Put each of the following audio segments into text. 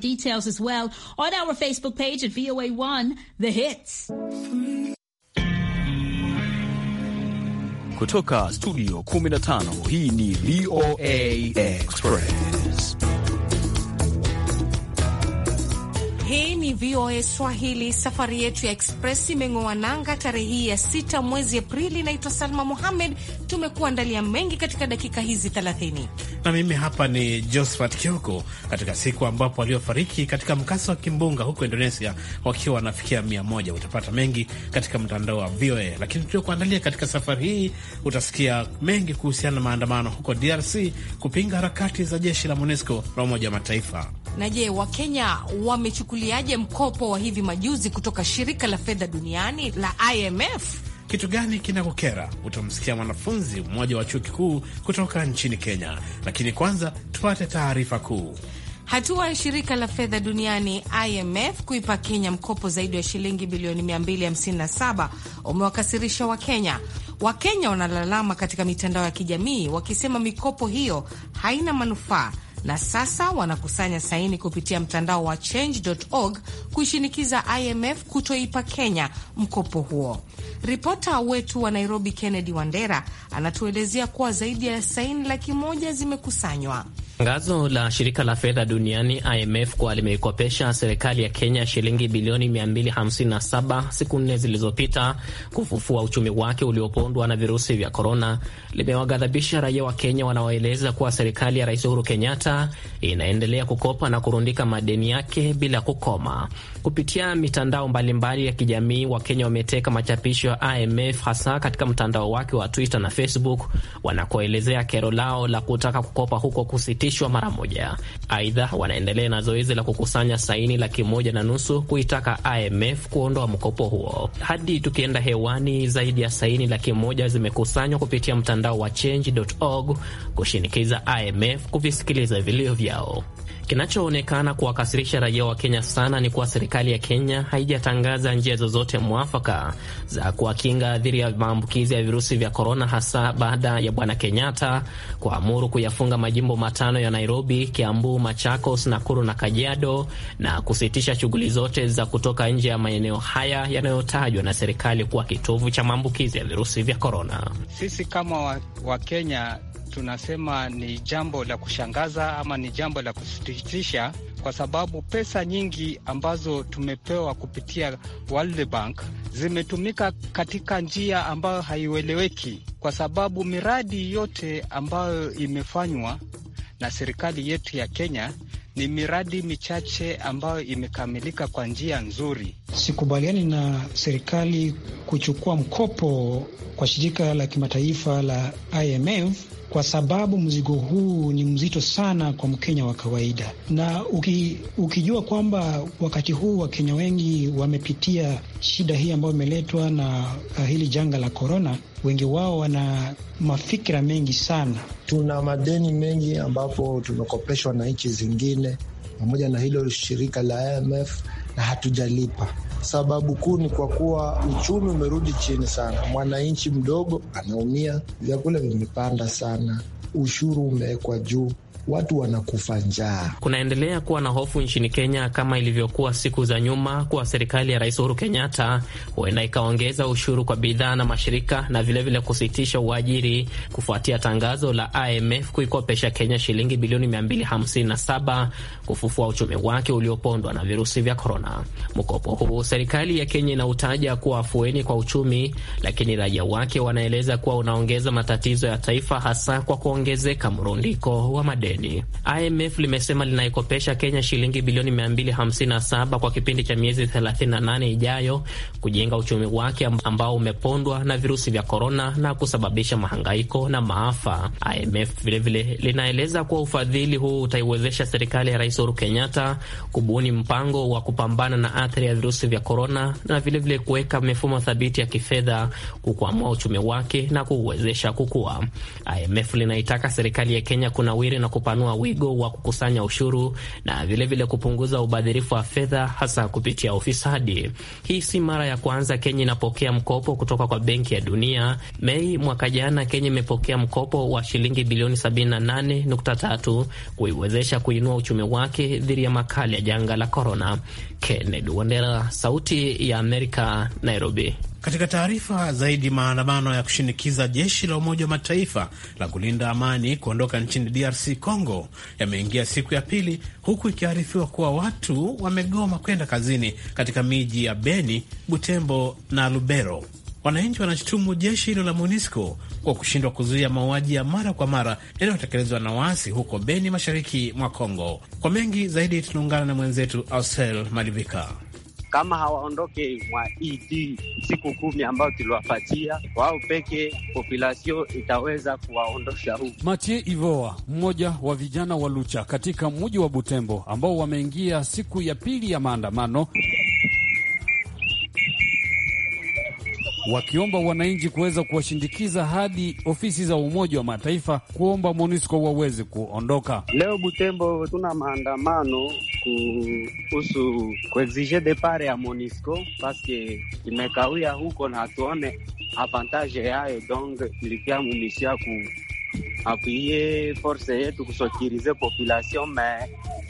Details as well on our Facebook page at VOA1 The Hits. Kutoka studio 15 hii ni VOA Express. Hii ni VOA Swahili. Safari yetu ya express imeng'oa nanga tarehe hii ya sita mwezi Aprili. Naitwa Salma Mohamed. Tumekuandalia mengi katika dakika hizi 30, na mimi hapa ni Josephat Kioko, katika siku ambapo waliofariki katika mkasa wa kimbunga huko Indonesia wakiwa wanafikia mia moja. Utapata mengi katika mtandao wa VOA, lakini tuliokuandalia katika safari hii utasikia mengi kuhusiana na maandamano huko DRC kupinga harakati za jeshi la MONUSCO la Umoja wa Mataifa. Na je, Wakenya wamechukulia unachukuliaje mkopo wa hivi majuzi kutoka shirika la fedha duniani la IMF? Kitu gani kinakukera? Utamsikia mwanafunzi mmoja wa chuo kikuu kutoka nchini Kenya, lakini kwanza tupate taarifa kuu. Hatua ya shirika la fedha duniani IMF kuipa Kenya mkopo zaidi ya shilingi bilioni 257 umewakasirisha Wakenya. Wakenya wanalalama katika mitandao ya kijamii wakisema mikopo hiyo haina manufaa na sasa wanakusanya saini kupitia mtandao wa change.org kuishinikiza IMF kutoipa Kenya mkopo huo. Ripota wetu wa Nairobi Kennedy Wandera anatuelezea kuwa zaidi ya saini laki moja zimekusanywa. Tangazo la shirika la fedha duniani IMF kuwa limeikopesha serikali ya Kenya shilingi bilioni 257 siku nne zilizopita kufufua uchumi wake uliopondwa na virusi vya korona limewaghadhabisha raia wa Kenya wanaoeleza kuwa serikali ya Rais Uhuru Kenyatta inaendelea kukopa na kurundika madeni yake bila kukoma. Kupitia mitandao mbalimbali ya kijamii, Wakenya wameteka machapisho ya IMF hasa katika mtandao wake wa Twitter na Facebook wanakoelezea kero lao la kutaka kukopa huko kusiti kusitishwa mara moja. Aidha, wanaendelea na zoezi la kukusanya saini laki moja na nusu kuitaka IMF kuondoa mkopo huo. Hadi tukienda hewani, zaidi ya saini laki moja zimekusanywa kupitia mtandao wa change.org kushinikiza IMF kuvisikiliza vilio vyao. Kinachoonekana kuwakasirisha raia wa Kenya sana ni kuwa serikali ya Kenya haijatangaza njia zozote mwafaka za kuwakinga dhidi ya maambukizi ya virusi vya korona, hasa baada ya Bwana Kenyatta kuamuru kuyafunga majimbo matano ya Nairobi, Kiambu, Machakos, Nakuru na Kajiado na kusitisha shughuli zote za kutoka nje ya maeneo haya yanayotajwa na serikali kuwa kitovu cha maambukizi ya virusi vya korona. Sisi kama Wakenya wa tunasema ni jambo la kushangaza ama ni jambo la kusitisha, kwa sababu pesa nyingi ambazo tumepewa kupitia World Bank zimetumika katika njia ambayo haieleweki, kwa sababu miradi yote ambayo imefanywa na serikali yetu ya Kenya ni miradi michache ambayo imekamilika kwa njia nzuri Sikubaliani na serikali kuchukua mkopo kwa shirika la kimataifa la IMF kwa sababu mzigo huu ni mzito sana kwa Mkenya wa kawaida, na uki, ukijua kwamba wakati huu Wakenya wengi wamepitia shida hii ambayo imeletwa na uh, hili janga la korona, wengi wao wana mafikira mengi sana. Tuna madeni mengi ambapo tumekopeshwa na nchi zingine, pamoja na hilo shirika la IMF na hatujalipa. Sababu kuu ni kwa kuwa uchumi umerudi chini sana, mwananchi mdogo anaumia, vyakula vimepanda sana, ushuru umewekwa juu watu wanakufa njaa. Kunaendelea kuwa na hofu nchini Kenya kama ilivyokuwa siku za nyuma kuwa serikali ya Rais Uhuru Kenyatta huenda ikaongeza ushuru kwa bidhaa na mashirika na vilevile vile kusitisha uajiri kufuatia tangazo la IMF kuikopesha Kenya shilingi bilioni 257 kufufua uchumi wake uliopondwa na virusi vya korona. Mkopo huu serikali ya Kenya inautaja kuwa afueni kwa uchumi, lakini raia wake wanaeleza kuwa unaongeza matatizo ya taifa hasa kwa kuongezeka mrundiko wa madeni zaidi. IMF limesema linaikopesha Kenya shilingi bilioni 257 kwa kipindi cha miezi 38 ijayo kujenga uchumi wake ambao umepondwa na virusi vya korona na kusababisha mahangaiko na maafa. IMF vilevile linaeleza kuwa ufadhili huu utaiwezesha serikali ya Rais Uhuru Kenyatta kubuni mpango wa kupambana na athari ya virusi vya korona na vilevile kuweka mifumo thabiti ya kifedha kukwamua uchumi wake na kuuwezesha kukua. IMF linaitaka serikali ya Kenya kunawiri na kupanua wigo wa kukusanya ushuru na vilevile vile kupunguza ubadhirifu wa fedha hasa kupitia ufisadi. Hii si mara ya kwanza Kenya inapokea mkopo kutoka kwa Benki ya Dunia. Mei mwaka jana, Kenya imepokea mkopo wa shilingi bilioni 78.3 kuiwezesha kuinua uchumi wake dhidi ya makali ya janga la korona. Kennedy Wandera, Sauti ya Amerika, Nairobi. Katika taarifa zaidi, maandamano ya kushinikiza jeshi la Umoja wa Mataifa la kulinda amani kuondoka nchini DRC Congo yameingia siku ya pili, huku ikiarifiwa kuwa watu wamegoma kwenda kazini katika miji ya Beni, Butembo na Lubero. Wananchi wanashutumu jeshi hilo la MONUSCO kwa kushindwa kuzuia mauaji ya mara kwa mara yanayotekelezwa na waasi huko Beni, mashariki mwa Congo. Kwa mengi zaidi, tunaungana na mwenzetu Ausel Malivika kama hawaondoke mwa ED siku kumi ambayo tuliwapatia wao peke, populasio itaweza kuwaondosha huku. Matie Ivoa, mmoja wa vijana wa Lucha katika mji wa Butembo ambao wameingia siku ya pili ya maandamano wakiomba wananchi kuweza kuwashindikiza hadi ofisi za Umoja wa Mataifa kuomba MONUSCO waweze kuondoka. Leo Butembo tuna maandamano kuhusu kuexige depare ya MONUSCO paske imekawia huko na hatuone avantage yayo, donc ilikia mumisia kuapwie force yetu kusokirize population me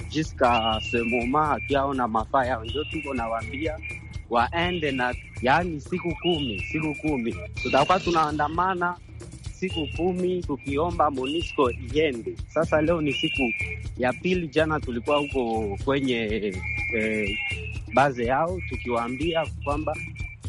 jiska se moma na mafaa yao, ndio tuko nawambia waende na yani siku kumi, siku kumi tutakuwa tunaandamana siku kumi tukiomba Monisco iende. Sasa leo ni siku ya pili, jana tulikuwa huko kwenye eh, baze yao tukiwaambia kwamba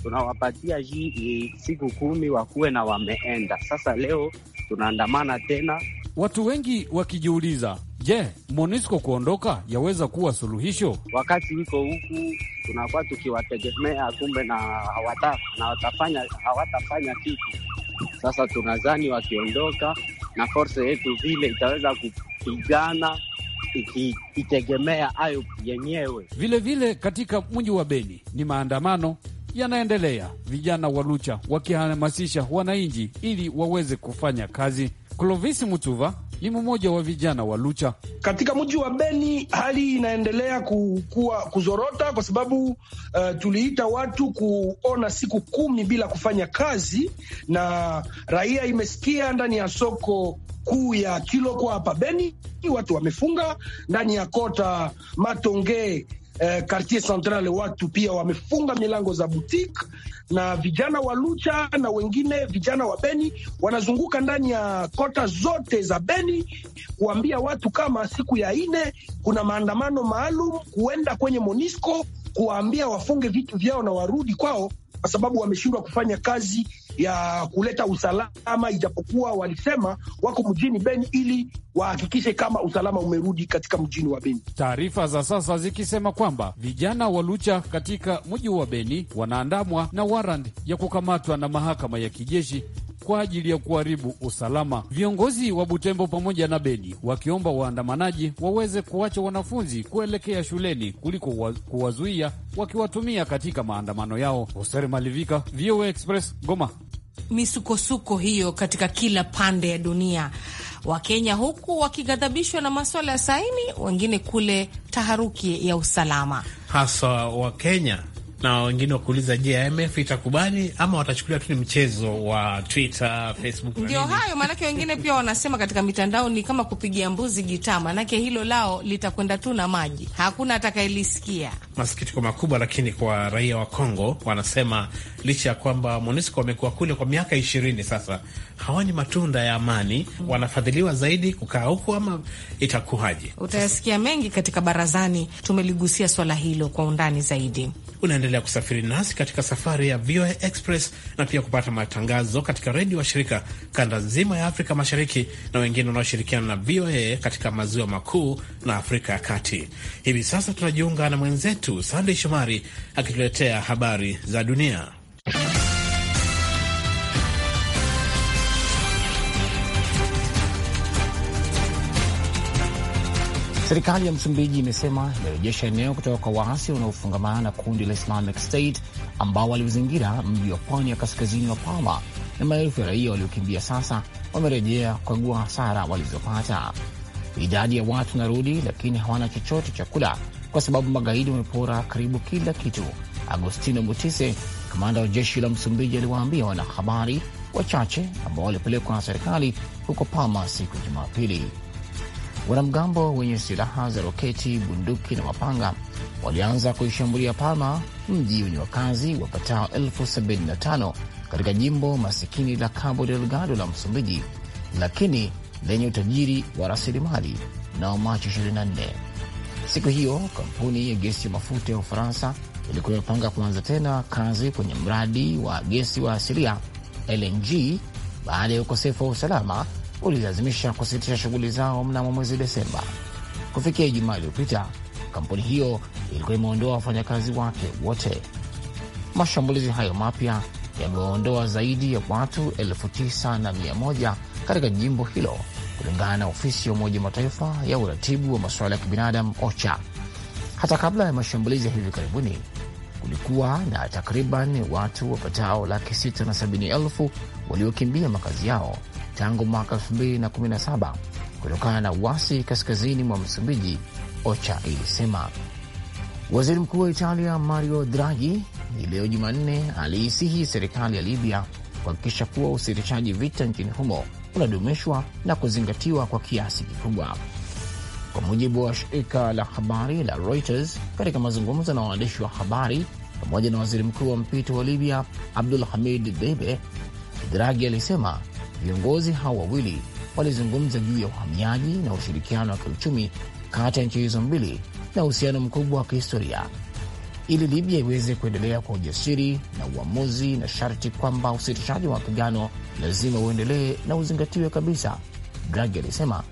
tunawapatia hii siku kumi wakuwe na wameenda. Sasa leo tunaandamana tena, watu wengi wakijiuliza Je, yeah, MONUSCO kuondoka yaweza kuwa suluhisho? Wakati iko huku tunakuwa tukiwategemea, kumbe na hawata na watafanya hawatafanya kitu. Sasa tunazani wakiondoka na force yetu vile itaweza kupigana ikitegemea hayo yenyewe. Vilevile katika mji wa Beni ni maandamano yanaendelea, vijana wa Lucha wakihamasisha wananchi ili waweze kufanya kazi. Clovis Mutuva ni mmoja wa vijana wa Lucha katika mji wa Beni. Hali inaendelea kukua, kuzorota kwa sababu uh, tuliita watu kuona siku kumi bila kufanya kazi, na raia imesikia ndani ya soko kuu ya Kilokwa hapa Beni watu wamefunga, ndani ya kota Matonge eh, Quartier Central watu pia wamefunga milango za boutique, na vijana wa Lucha na wengine vijana wa Beni wanazunguka ndani ya kota zote za Beni kuambia watu kama siku ya ine kuna maandamano maalum kuenda kwenye Monisco kuwaambia wafunge vitu vyao na warudi kwao, kwa sababu wameshindwa kufanya kazi ya kuleta usalama, ijapokuwa walisema wako mjini Beni ili wahakikishe kama usalama umerudi katika mjini wa Beni. Taarifa za sasa zikisema kwamba vijana wa Lucha katika mji wa Beni wanaandamwa na warand ya kukamatwa na mahakama ya kijeshi kwa ajili ya kuharibu usalama. Viongozi wa Butembo pamoja na Beni wakiomba waandamanaji waweze kuacha wanafunzi kuelekea shuleni kuliko kuwazuia wakiwatumia katika maandamano yao. Hoser Malivika, VOA Express, Goma. Misukosuko hiyo katika kila pande ya dunia, Wakenya huku wakighadhabishwa na maswala ya saini, wengine kule taharuki ya usalama, hasa Wakenya na wengine wakuuliza, je, IMF itakubali ama watachukulia tu ni mchezo wa Twitter, Facebook? Ndio hayo maanake, wengine pia wanasema katika mitandao ni kama kupigia mbuzi gitaa, maanake hilo lao litakwenda tu na maji, hakuna atakayelisikia. Masikitiko makubwa lakini kwa raia wa Kongo wanasema licha ya kwamba MONUSCO wamekuwa kule kwa miaka ishirini sasa hawa ni matunda ya amani, wanafadhiliwa zaidi kukaa huku ama itakuwaje? Utayasikia mengi katika barazani, tumeligusia swala hilo kwa undani zaidi. Unaendelea kusafiri nasi katika safari ya VOA Express na pia kupata matangazo katika redio wa shirika kanda nzima ya Afrika Mashariki na wengine wanaoshirikiana na VOA katika maziwa makuu na Afrika ya Kati. Hivi sasa tunajiunga na mwenzetu Sandey Shomari akituletea habari za dunia. Serikali ya Msumbiji imesema imerejesha eneo kutoka kwa waasi wanaofungamana na kundi la Islamic State ambao walizingira mji wa pwani ya kaskazini wa Palma, na maelfu ya raia waliokimbia sasa wamerejea kukagua hasara walizopata. Idadi ya watu narudi, lakini hawana chochote cha kula kwa sababu magaidi wamepora karibu kila kitu. Agostino Mutise, kamanda wa jeshi la Msumbiji, aliwaambia wanahabari wachache ambao walipelekwa na serikali huko Palma siku ya Jumapili wanamgambo wenye silaha za roketi, bunduki na mapanga walianza kuishambulia Palma, mji wenye wakazi wapatao elfu sabini na tano katika jimbo masikini la Cabo Delgado la Msumbiji, lakini lenye utajiri wa rasilimali. nao Machi 24 siku hiyo, kampuni ya gesi ya mafuta ya Ufaransa ilikuwa imepanga kuanza tena kazi kwenye mradi wa gesi wa asilia LNG baada ya ukosefu wa usalama ulilazimisha kusitisha shughuli zao mnamo mwezi Desemba. Kufikia Ijumaa iliyopita, kampuni hiyo ilikuwa imeondoa wafanyakazi wake wote. Mashambulizi hayo mapya yamewaondoa zaidi ya watu elfu tisa na mia moja katika jimbo hilo kulingana na ofisi ya Umoja Mataifa ya uratibu wa masuala ya kibinadamu OCHA. Hata kabla ya mashambulizi ya hivi karibuni, kulikuwa na takriban watu wapatao laki sita na sabini elfu waliokimbia makazi yao tangu mwaka 2017 kutokana na uasi kaskazini mwa Msumbiji, OCHA ilisema. Waziri mkuu wa Italia Mario Draghi hii leo Jumanne aliisihi serikali ya Libya kuhakikisha kuwa usitishaji vita nchini humo unadumishwa na kuzingatiwa kwa kiasi kikubwa. Kwa mujibu wa shirika la habari la Reuters, katika mazungumzo na waandishi wa habari pamoja na waziri mkuu wa mpito wa Libya Abdul Hamid Deibe, Draghi alisema Viongozi hao wawili walizungumza juu ya uhamiaji na ushirikiano wa kiuchumi kati ya nchi hizo mbili na uhusiano mkubwa wa kihistoria. Ili Libya iweze kuendelea kwa ujasiri na uamuzi, na sharti kwamba usitishaji wa mapigano lazima uendelee na uzingatiwe kabisa, Dragi alisema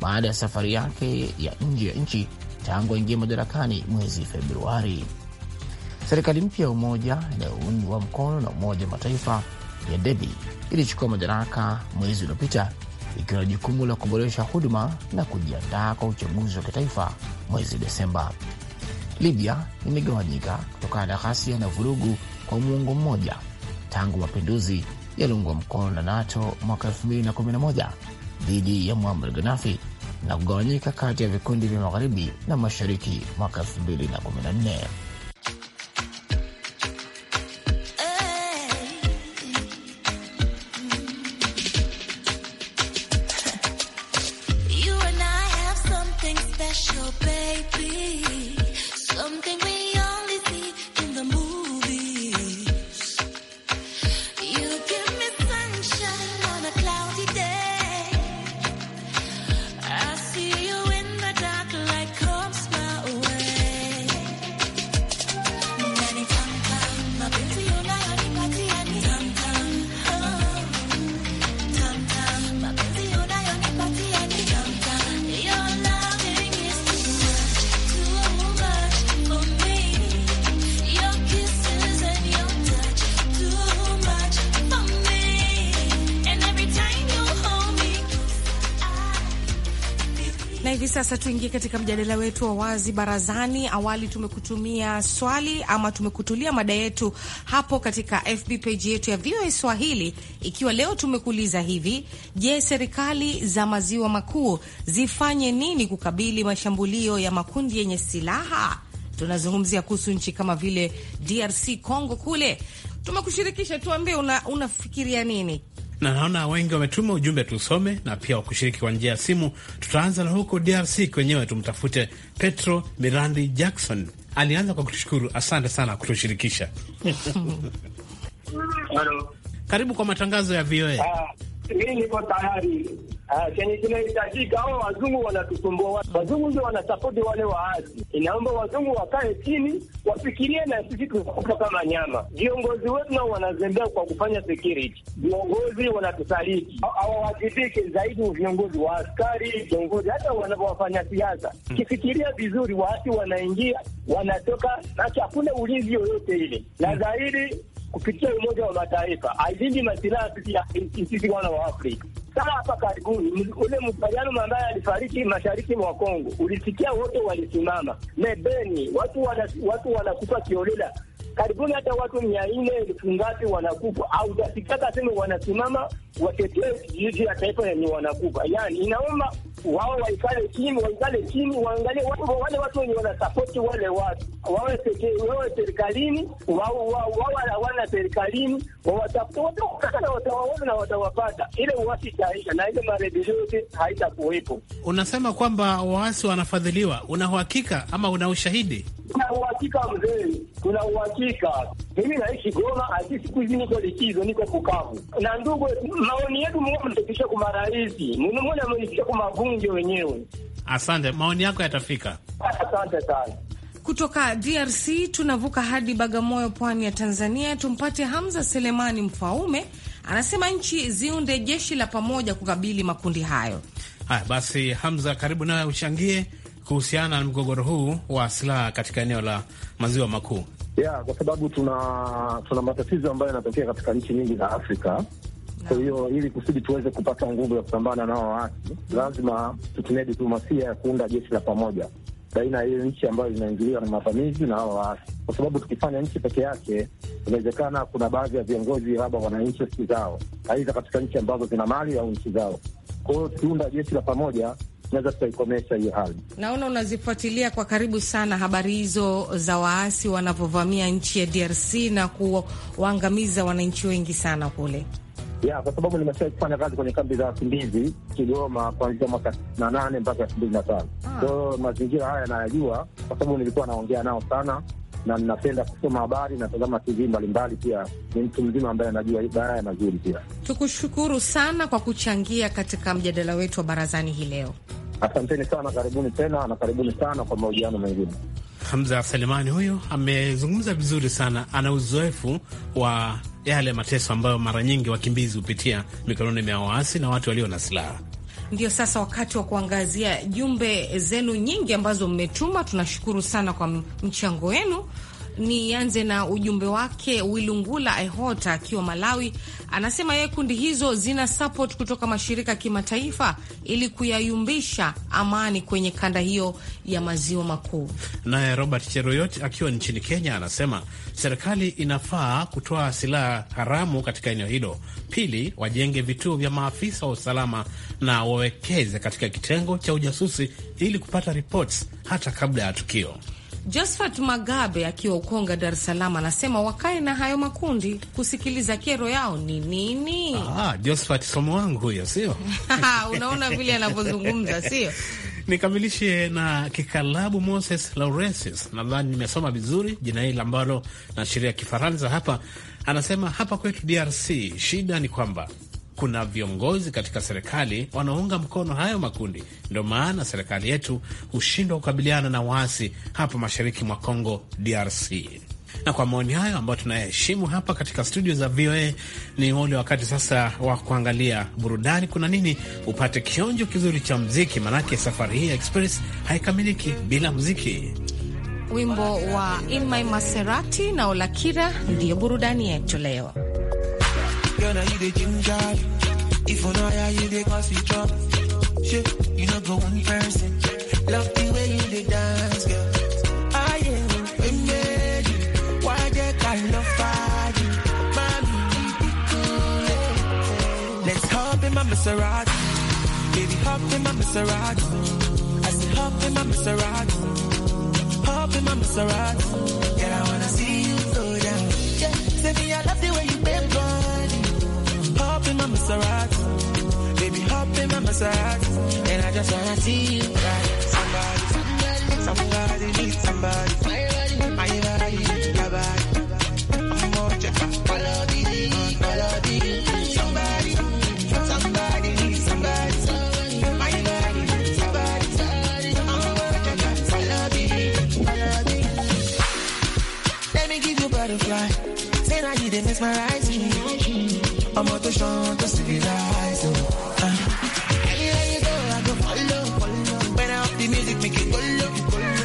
baada ya safari yake ya nje ya nchi tangu aingie madarakani mwezi Februari. Serikali mpya ya umoja inayoungwa mkono na Umoja wa Mataifa ya Debi ilichukua madaraka mwezi uliopita ikiwa na jukumu la kuboresha huduma na kujiandaa kwa uchaguzi wa kitaifa mwezi Desemba. Libya imegawanyika kutokana na ghasia na vurugu kwa muongo mmoja tangu mapinduzi yaliungwa mkono na NATO mwaka 2011 dhidi ya Muammar Gaddafi na kugawanyika kati ya vikundi vya magharibi na mashariki mwaka 2014. Na hivi sasa tuingie katika mjadala wetu wa wazi barazani. Awali tumekutumia swali ama tumekutulia mada yetu hapo katika FB page yetu ya VOA Swahili, ikiwa leo tumekuuliza hivi: Je, serikali za maziwa makuu zifanye nini kukabili mashambulio ya makundi yenye silaha? Tunazungumzia kuhusu nchi kama vile DRC Congo kule. Tumekushirikisha, tuambie unafikiria una nini na naona wengi wametuma ujumbe tusome na pia wakushiriki kwa njia ya simu. Tutaanza na huko DRC kwenyewe, tumtafute Petro Mirandi Jackson. Alianza kwa kutushukuru, asante sana kutushirikisha. Karibu kwa matangazo ya VOA. Ah, mimi niko tayari chenye ah, kinahitajika. Hao wazungu wanatusumbua, wazungu ndio wanasapoti wale waasi. Inaomba wazungu wakae chini wafikirie, na sisi tunakufa kama nyama. Viongozi wetu nao wanazembea kwa kufanya security, viongozi wanatusaliti, hawawajibike zaidi. Viongozi wa askari, viongozi hata wanavyowafanya siasa, hmm. kifikiria vizuri, waasi wanaingia wanatoka, haki hakuna ulinzi yoyote ile, na hmm. zaidi kupitia Umoja wa Mataifa ailindi masilaha sisi wana wa Afrika. Sasa hapa karibuni ule mpigano ambaye alifariki mashariki mwa Kongo, ulisikia wote walisimama mebeni, watu wanakufa kiolela karibuni hata watu mia nne elfu ngapi wanakufa, au tasikaka seme wanasimama watetee kijiji ya taifa yenye wanakufa. Yani inaomba wao waikale chini, waikale chini, waangalie wale watu wenye wanasapoti wale watu, wawe wawe serikalini, wao hawana serikalini, wawatafuta na watawapata, ile uasi itaisha na ile maredio yote haitakuwepo. Unasema kwamba waasi wanafadhiliwa, una uhakika ama una ushahidi? Kuna uhakika mzee, kuna uhakika kupumzika. Mimi naishi Goma, hadi siku hizi niko likizo, niko Bukavu na ndugu. Maoni yetu mna mnafikisha kwa maraisi, mnaona mnafikisha kwa mabunge wenyewe. Asante, maoni yako yatafika. Asante sana. Kutoka DRC tunavuka hadi Bagamoyo, pwani ya Tanzania. Tumpate Hamza Selemani Mfaume, anasema nchi ziunde jeshi la pamoja kukabili makundi hayo. Haya basi, Hamza, karibu nawe uchangie kuhusiana na mgogoro huu wa silaha katika eneo la maziwa makuu yeah, kwa sababu tuna tuna matatizo ambayo yanatokea katika nchi nyingi za Afrika kwa so, hiyo ili kusudi tuweze kupata nguvu ya kupambana nao waasi, lazima tutumie diplomasia ya kuunda jeshi la pamoja baina ya hiyo nchi ambayo zinaingiliwa na mavamizi na hao waasi, kwa sababu tukifanya nchi peke yake, inawezekana kuna baadhi ya viongozi labda wana nchi zao, aidha katika nchi ambazo zina mali au nchi zao. Kwa hiyo tukiunda jeshi la pamoja naweza tukaikomesha hiyo hali. Naona unazifuatilia kwa karibu sana habari hizo za waasi wanavyovamia nchi ya DRC na kuwaangamiza wananchi wengi sana kule ya kwa sababu nimeshawahi kufanya kazi kwenye kambi za wakimbizi Kigoma kuanzia mwaka na nane mpaka elfu mbili na tano ah. kwao. Mazingira haya nayajua kwa sababu nilikuwa naongea nao sana, na ninapenda kusoma habari, natazama TV mbalimbali. Pia ni mtu mzima ambaye anajua baraya mazuri. Pia tukushukuru sana kwa kuchangia katika mjadala wetu wa barazani hii leo. Asanteni sana, karibuni tena na karibuni sana kwa mahojiano mengine. Hamza Selemani huyu amezungumza vizuri sana, ana uzoefu wa yale mateso ambayo mara nyingi wakimbizi hupitia mikononi mwa waasi na watu walio na silaha. Ndio sasa wakati wa kuangazia jumbe zenu nyingi ambazo mmetuma. Tunashukuru sana kwa mchango wenu nianze na ujumbe wake Wilungula Ehota akiwa Malawi, anasema yeye kundi hizo zina support kutoka mashirika ya kimataifa ili kuyayumbisha amani kwenye kanda hiyo ya maziwa makuu. Naye Robert Cheruiyot akiwa nchini Kenya anasema serikali inafaa kutoa silaha haramu katika eneo hilo. Pili, wajenge vituo vya maafisa wa usalama na wawekeze katika kitengo cha ujasusi ili kupata reports hata kabla ya tukio. Josphat Magabe akiwa Ukonga, Dar es Salaam, anasema wakae na hayo makundi kusikiliza kero yao ni nini. Ah, Josphat somo wangu huyo, sio? Unaona vile anavyozungumza, sio? Nikamilishe na kikalabu Moses Laurensis, nadhani nimesoma vizuri jina hili ambalo naashiria Kifaransa hapa. Anasema hapa kwetu DRC shida ni kwamba kuna viongozi katika serikali wanaounga mkono hayo makundi. Ndio maana serikali yetu hushindwa kukabiliana na waasi hapa mashariki mwa congo DRC. Na kwa maoni hayo ambayo tunayaheshimu hapa katika studio za VOA, ni ule wakati sasa wa kuangalia burudani, kuna nini, upate kionjo kizuri cha mziki, maanake safari hii ya Express haikamiliki bila mziki. Wimbo wa In My Maserati na Olakira ndiyo burudani yetu leo. Girl, now you the ginger. If you know how you the cause you drop. Shit, you know go one person. Love the way you the dance, girl. I am a Why they kind of party? Mommy, Let's hop in my Maserati. Baby, hop in my Maserati. I said hop in my Maserati. Hop in my Maserati. Girl, I wanna see you slow down. Yeah, say me I love the way you bend Maserati. Baby, hop in my Maserati. And I just wanna see you right. Somebody, somebody, need somebody. My body, I'm more me. Butterfly, say you mesmerize me. I'm out to shant to see the Anywhere you go, I go follow. follow. When I the music, make it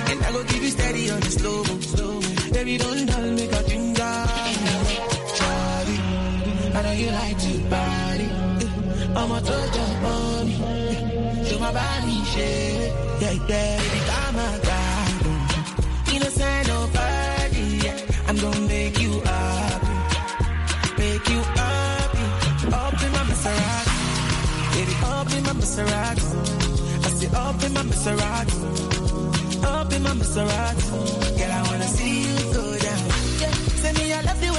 And I go you steady on the slow. slow. Baby, don't make I know you like I'm to my body Maserati. I say up in my Maserati. Up in my Maserati. Girl, I wanna see you go down. Yeah. Say me I love you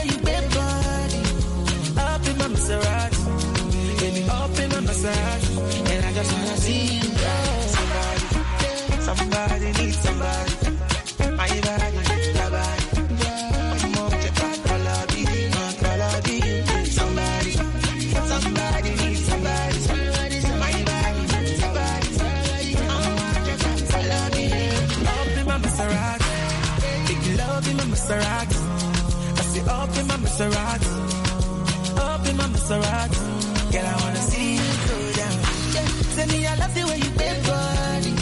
Maserati. Girl, I wanna see you go down. Yeah. Tell me I love the way you bend body.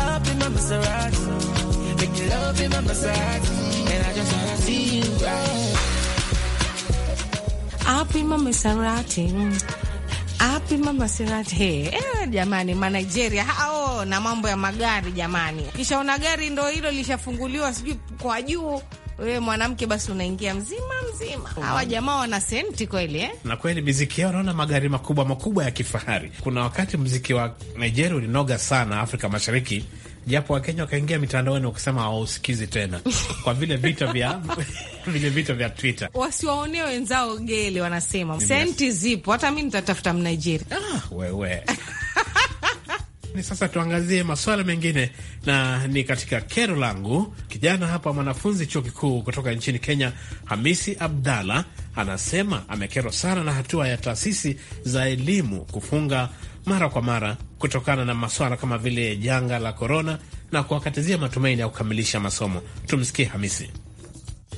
Up in my Maserati. Make you love in my Maserati. And I just wanna see you ride. Up in my Maserati. Up in my Hey, eh, jamani, ma Nigeria hao oh, na mambo ya magari jamani. Kishaona gari ndo hilo lishafunguliwa sijui kwa juu wewe mwanamke basi unaingia mzima mzima. Oh, Hawa jamaa wana senti kweli eh? Na kweli miziki yao, naona magari makubwa makubwa ya kifahari. Kuna wakati mziki wa Nigeria ulinoga sana Afrika Mashariki, japo Wakenya wakaingia mitandaoni wakasema hawausikizi tena kwa vile vita vya vile vita vya Twitter. Wasiwaonee wenzao gele, wanasema senti zipo, hata mi nitatafuta Mnigeria. Ah, wewe Ni sasa tuangazie masuala mengine, na ni katika kero langu. Kijana hapa, mwanafunzi chuo kikuu kutoka nchini Kenya, Hamisi Abdalla, anasema amekerwa sana na hatua ya taasisi za elimu kufunga mara kwa mara kutokana na maswala kama vile janga la korona na kuwakatizia matumaini ya kukamilisha masomo. Tumsikie Hamisi.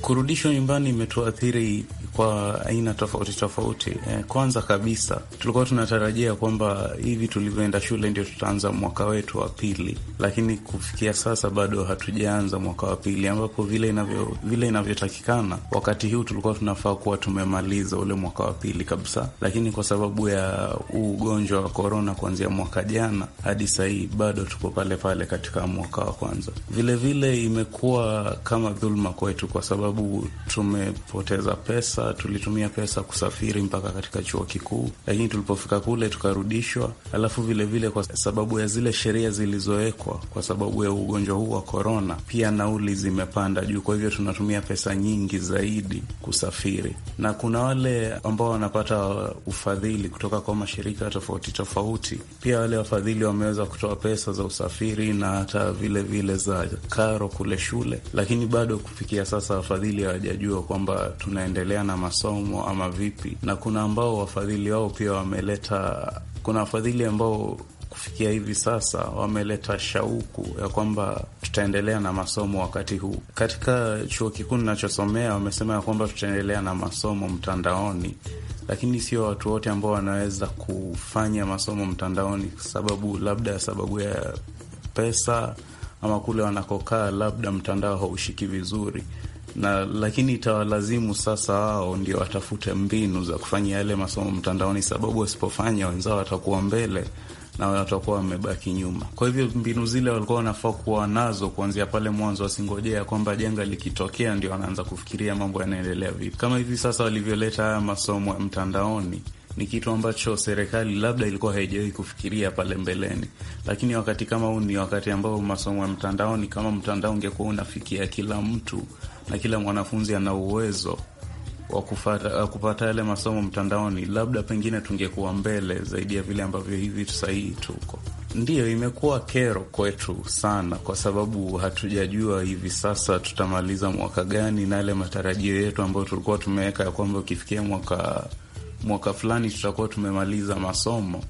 Kurudishwa nyumbani imetuathiri kwa aina tofauti tofauti. Eh, kwanza kabisa, tulikuwa tunatarajia kwamba hivi tulivyoenda shule ndio tutaanza mwaka wetu wa pili, lakini kufikia sasa bado hatujaanza mwaka wa pili, ambapo vile inavyo vile inavyotakikana wakati huu tulikuwa tunafaa kuwa tumemaliza ule mwaka wa pili kabisa, lakini kwa sababu ya ugonjwa wa korona, kuanzia mwaka jana hadi sahii bado tuko pale pale katika mwaka wa kwanza. Vilevile imekuwa kama dhuluma kwetu kwa sababu sababu tumepoteza pesa. Tulitumia pesa kusafiri mpaka katika chuo kikuu, lakini tulipofika kule tukarudishwa. Alafu vilevile vile kwa sababu ya zile sheria zilizowekwa kwa sababu ya ugonjwa huu wa korona, pia nauli zimepanda juu, kwa hivyo tunatumia pesa nyingi zaidi kusafiri, na kuna wale ambao wanapata ufadhili kutoka kwa mashirika tofauti tofauti. Pia wale wafadhili wameweza kutoa pesa za usafiri na hata vilevile vile za karo kule shule, lakini bado kufikia sasa wafadhili wafadhili hawajajua kwamba tunaendelea na masomo ama vipi, na kuna ambao wafadhili wao pia wameleta, kuna wafadhili ambao kufikia hivi sasa wameleta shauku ya kwamba tutaendelea na masomo wakati huu. Katika chuo kikuu ninachosomea wamesema ya kwamba tutaendelea na masomo mtandaoni, lakini sio watu wote ambao wanaweza kufanya masomo mtandaoni, sababu labda sababu ya pesa ama kule wanakokaa, labda mtandao haushiki vizuri na lakini itawalazimu sasa wao ndio watafute mbinu za kufanya yale masomo mtandaoni, sababu wasipofanya wenzao watakuwa mbele na watakuwa wamebaki nyuma. Kwa hivyo mbinu zile walikuwa wanafaa kuwa nazo kuanzia pale mwanzo, wasingojea kwamba janga likitokea ndio wanaanza kufikiria mambo yanaendelea vipi. Kama hivi sasa walivyoleta haya masomo ya mtandaoni, ni kitu ambacho serikali labda ilikuwa haijawahi kufikiria pale mbeleni, lakini wakati kama huu ni wakati ambao masomo ya mtandaoni, kama mtandao ungekuwa unafikia kila mtu na kila mwanafunzi ana uwezo wa kupata yale masomo mtandaoni, labda pengine tungekuwa mbele zaidi ya vile ambavyo hivi sahihi tuko. Ndiyo, imekuwa kero kwetu sana, kwa sababu hatujajua hivi sasa tutamaliza mwaka gani, na yale matarajio yetu ambayo tulikuwa tumeweka ya kwamba ukifikia mwaka mwaka fulani tutakuwa tumemaliza masomo.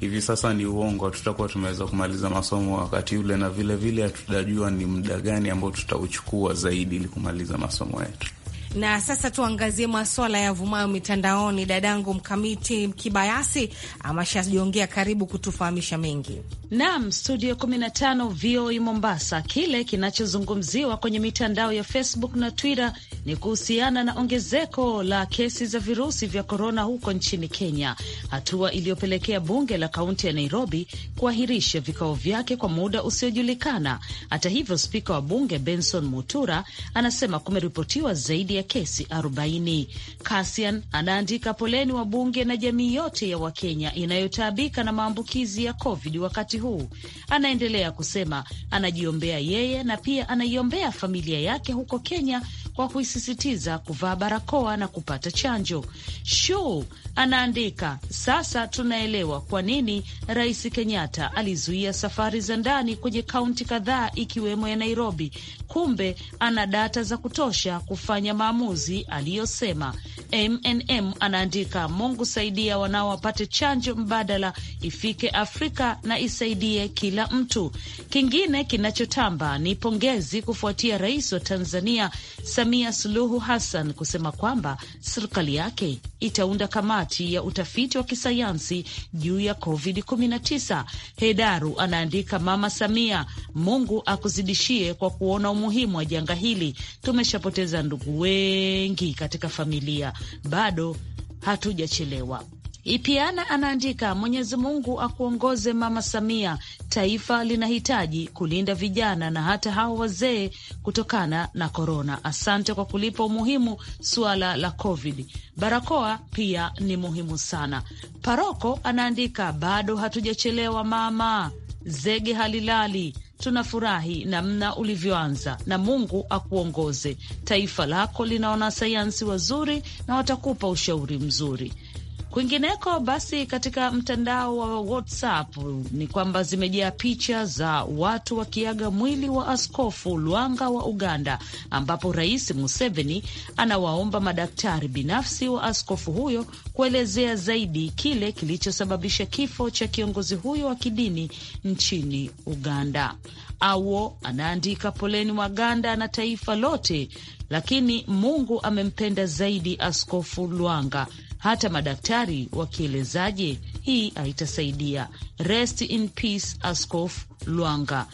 Hivi sasa ni uongo, tutakuwa tumeweza kumaliza masomo wakati ule, na vilevile hatutajua ni muda gani ambao tutauchukua zaidi ili kumaliza masomo yetu. Na sasa tuangazie maswala ya vumayo mitandaoni. Dadangu Mkamiti Kibayasi ameshajiongea karibu kutufahamisha mengi. Naam, studio 15 VOA e Mombasa. Kile kinachozungumziwa kwenye mitandao ya Facebook na Twitter ni kuhusiana na ongezeko la kesi za virusi vya korona huko nchini Kenya, hatua iliyopelekea bunge la kaunti ya Nairobi kuahirisha vikao vyake kwa muda usiojulikana. Hata hivyo, spika wa bunge Benson Mutura anasema kumeripotiwa zaidi ya kesi 40. Kasian anaandika poleni wa bunge na jamii yote ya Wakenya inayotaabika na maambukizi ya COVID wakati huu. Anaendelea kusema anajiombea yeye na pia anaiombea familia yake huko Kenya kwa kuisisitiza kuvaa barakoa na kupata chanjo. Shuu anaandika, sasa tunaelewa kwa nini Rais Kenyatta alizuia safari za ndani kwenye kaunti kadhaa ikiwemo ya Nairobi. Kumbe ana data za kutosha kufanya maamuzi aliyosema. MNM anaandika, Mungu saidia wanao wapate chanjo mbadala ifike Afrika na isaidie kila mtu. Kingine kinachotamba ni pongezi kufuatia rais wa Tanzania Samia Suluhu Hassan kusema kwamba serikali yake itaunda kamati ya utafiti wa kisayansi juu ya COVID-19. Hedaru anaandika, Mama Samia, Mungu akuzidishie kwa kuona umuhimu wa janga hili. Tumeshapoteza ndugu wengi katika familia, bado hatujachelewa. Ipiana anaandika, Mwenyezi Mungu akuongoze Mama Samia. Taifa linahitaji kulinda vijana na hata hawa wazee kutokana na korona. Asante kwa kulipa umuhimu suala la COVID. Barakoa pia ni muhimu sana. Paroko anaandika, bado hatujachelewa mama. Zege halilali tunafurahi namna ulivyoanza na Mungu akuongoze. Taifa lako lina wanasayansi wazuri na watakupa ushauri mzuri. Kwingineko basi, katika mtandao wa WhatsApp ni kwamba zimejaa picha za watu wakiaga mwili wa Askofu Lwanga wa Uganda, ambapo Rais Museveni anawaomba madaktari binafsi wa askofu huyo kuelezea zaidi kile kilichosababisha kifo cha kiongozi huyo wa kidini nchini Uganda. Awo anaandika, poleni Waganda na taifa lote, lakini Mungu amempenda zaidi Askofu Lwanga hata madaktari wakielezaje hii haitasaidia. Rest in peace, Askof Lwanga.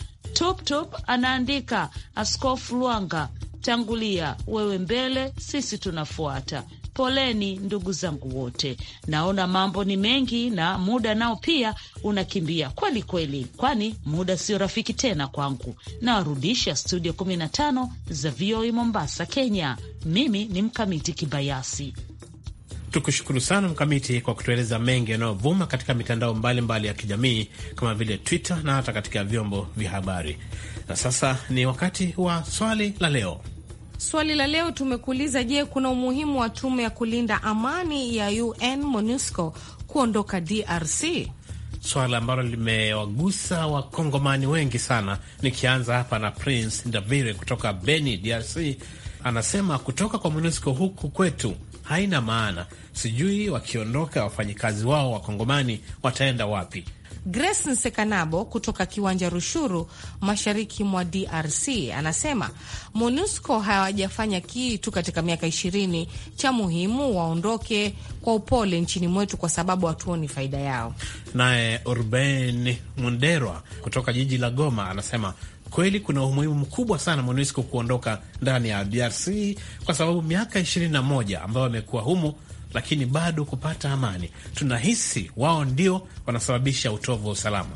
Top anaandika, askof Lwanga, tangulia wewe mbele, sisi tunafuata. Poleni ndugu zangu wote, naona mambo ni mengi na muda nao pia unakimbia kweli kweli, kwani muda sio rafiki tena kwangu. Nawarudisha studio 15 za VOA e Mombasa, Kenya. Mimi ni Mkamiti Kibayasi. Tukushukuru sana Mkamiti kwa kutueleza mengi yanayovuma katika mitandao mbalimbali mbali ya kijamii kama vile Twitter na hata katika vyombo vya habari. Na sasa ni wakati wa swali la leo. Swali la leo tumekuuliza, je, kuna umuhimu wa tume ya kulinda amani ya UN MONUSCO kuondoka DRC? Swala ambalo limewagusa wakongomani wengi sana. Nikianza hapa na Prince Ndavire kutoka Beni, DRC, anasema kutoka kwa MONUSCO huku kwetu haina maana. Sijui wakiondoka wafanyikazi wao wakongomani wataenda wapi? Grace Nsekanabo kutoka kiwanja Rushuru, mashariki mwa DRC, anasema MONUSCO hawajafanya kitu katika miaka ishirini. Cha muhimu waondoke kwa upole nchini mwetu, kwa sababu hatuoni faida yao. Naye Urben Munderwa kutoka jiji la Goma anasema kweli kuna umuhimu mkubwa sana MONUSCO kuondoka ndani ya DRC kwa sababu miaka 21 ambayo wamekuwa humo lakini bado kupata amani, tunahisi wao ndio wanasababisha utovu wa usalama.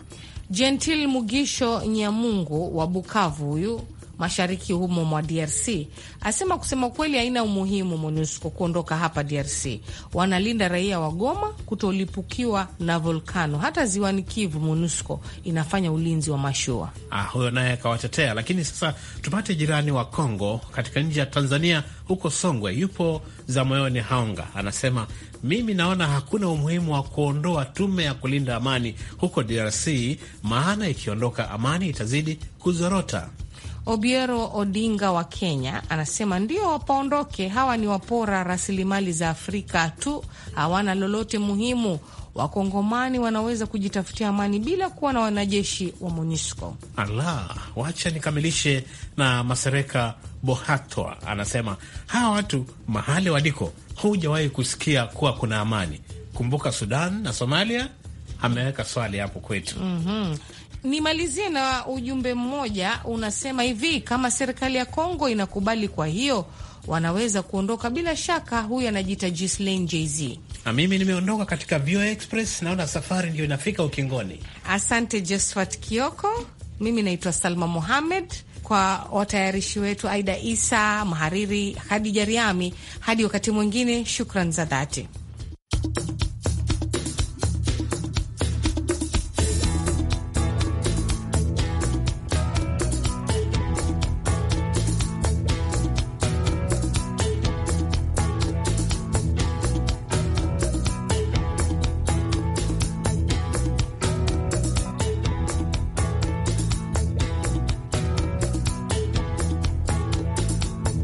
Gentil Mugisho Nyamungu wa Bukavu, huyu mashariki humo mwa DRC, asema kusema kweli haina umuhimu MONUSCO kuondoka hapa DRC. Wanalinda raia wa Goma kutolipukiwa na volkano. Hata ziwani Kivu MONUSCO inafanya ulinzi wa mashua. Ah, huyo naye akawatetea. Lakini sasa tupate jirani wa Kongo katika nchi ya Tanzania, huko Songwe yupo za moyoni Haonga, anasema mimi naona hakuna umuhimu wa kuondoa tume ya kulinda amani huko DRC, maana ikiondoka amani itazidi kuzorota. Obiero Odinga wa Kenya anasema ndio wapaondoke, hawa ni wapora rasilimali za Afrika tu, hawana lolote muhimu. Wakongomani wanaweza kujitafutia amani bila kuwa na wanajeshi wa MONUSCO. Ala, wacha nikamilishe na Masereka Bohatwa anasema hawa watu mahali waliko, hujawahi kusikia kuwa kuna amani. Kumbuka Sudan na Somalia, ameweka swali hapo kwetu. mm -hmm nimalizie na ujumbe mmoja unasema hivi, kama serikali ya Kongo inakubali, kwa hiyo wanaweza kuondoka bila shaka. Huyu anajiita Gislaine JZ. Na mimi nimeondoka katika VOA Express, naona safari ndio inafika ukingoni. Asante Josphat Kioko. Mimi naitwa Salma Mohamed, kwa watayarishi wetu Aida Isa, mhariri Hadija Riami. Hadi wakati mwingine, shukran za dhati.